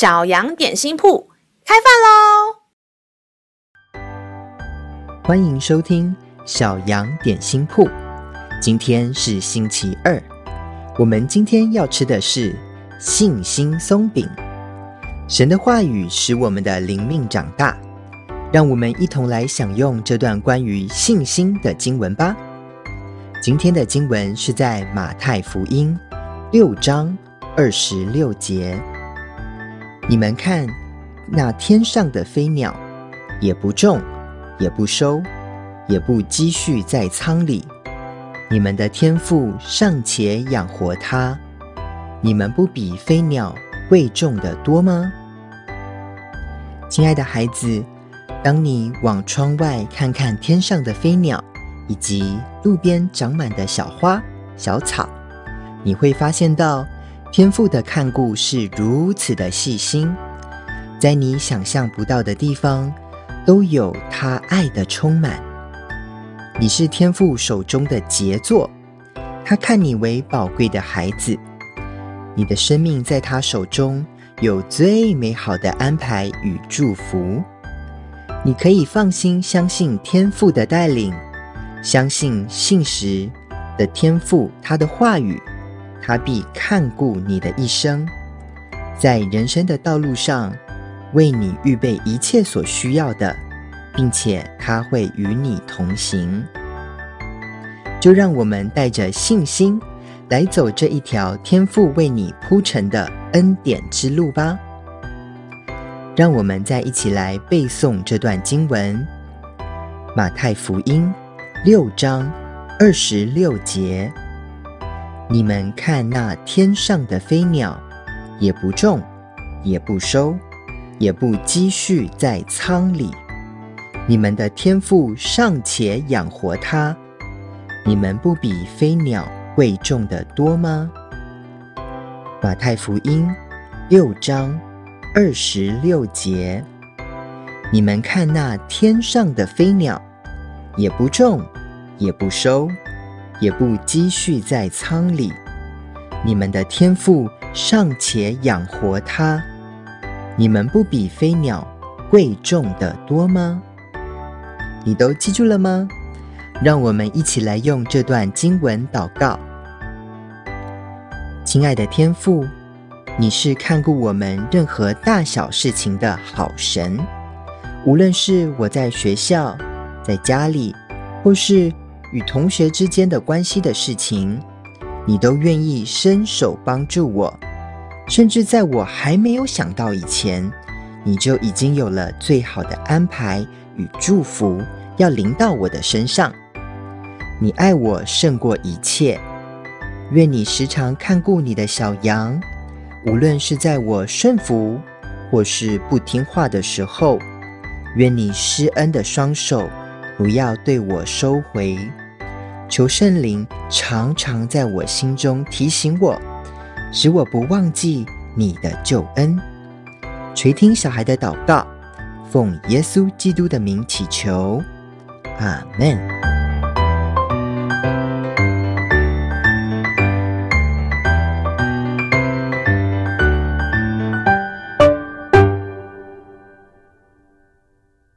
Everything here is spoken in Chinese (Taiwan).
小羊點心鋪開飯嘍！歡迎收聽小羊點心鋪。今天是星期二，我們今天要吃的是信心鬆餅。神的話語使我們的靈命長大，讓我們一同來享用這段關於信心的經文吧。今天的經文是在馬太福音六章二十六節。你們看，那天上的飛鳥，也不種，也不收，也不積蓄在倉裡。你們的天父尚且養活它，你們不比飛鳥貴重得多嗎？親愛的孩子，當你往窗外看看天上的飛鳥，以及路邊長滿的小花小草，你會發現到。天父的看顧是如此的細心，在你想象不到的地方，都有他愛的充滿。你是天父手中的傑作，他看你為寶貴的孩子。你的生命在他手中有最美好的安排與祝福。你可以放心相信天父的帶領，相信信實的天父，他的話語。他必看顧你的一生，在人生的道路上為你預備一切所需要的，並且他會與你同行。就讓我們帶着信心來走這一條天父為你鋪成的恩典之路吧。讓我們再一起來背誦這段經文：《馬太福音》六章二十六節。你們看那天上的飛鳥，也不種，也不收，也不積蓄在倉裡。你們的天父尚且養活它，你們不比飛鳥貴重得多嗎？馬太福音六章二十六節。你們看那天上的飛鳥，也不種，也不收。也不積蓄在倉裡，你們的天父尚且養活它，你們不比飛鳥貴重得多嗎？你都記住了嗎？讓我們一起來用這段經文禱告。親愛的天父，你是看顧我們任何大小事情的好神，無論是我在學校、在家裡，或是。與同學之間的關係的事情，你都願意伸手幫助我，甚至在我還沒有想到以前，你就已經有了最好的安排與祝福要臨到我的身上。你愛我勝過一切，願你時常看顧你的小羊，無論是在我順服或是不聽話的時候，願你施恩的雙手不要對我收回。求聖靈常常在我心中提醒我，使我不忘記你的救恩。垂聽小孩的禱告，奉耶穌基督的名祈求，阿門。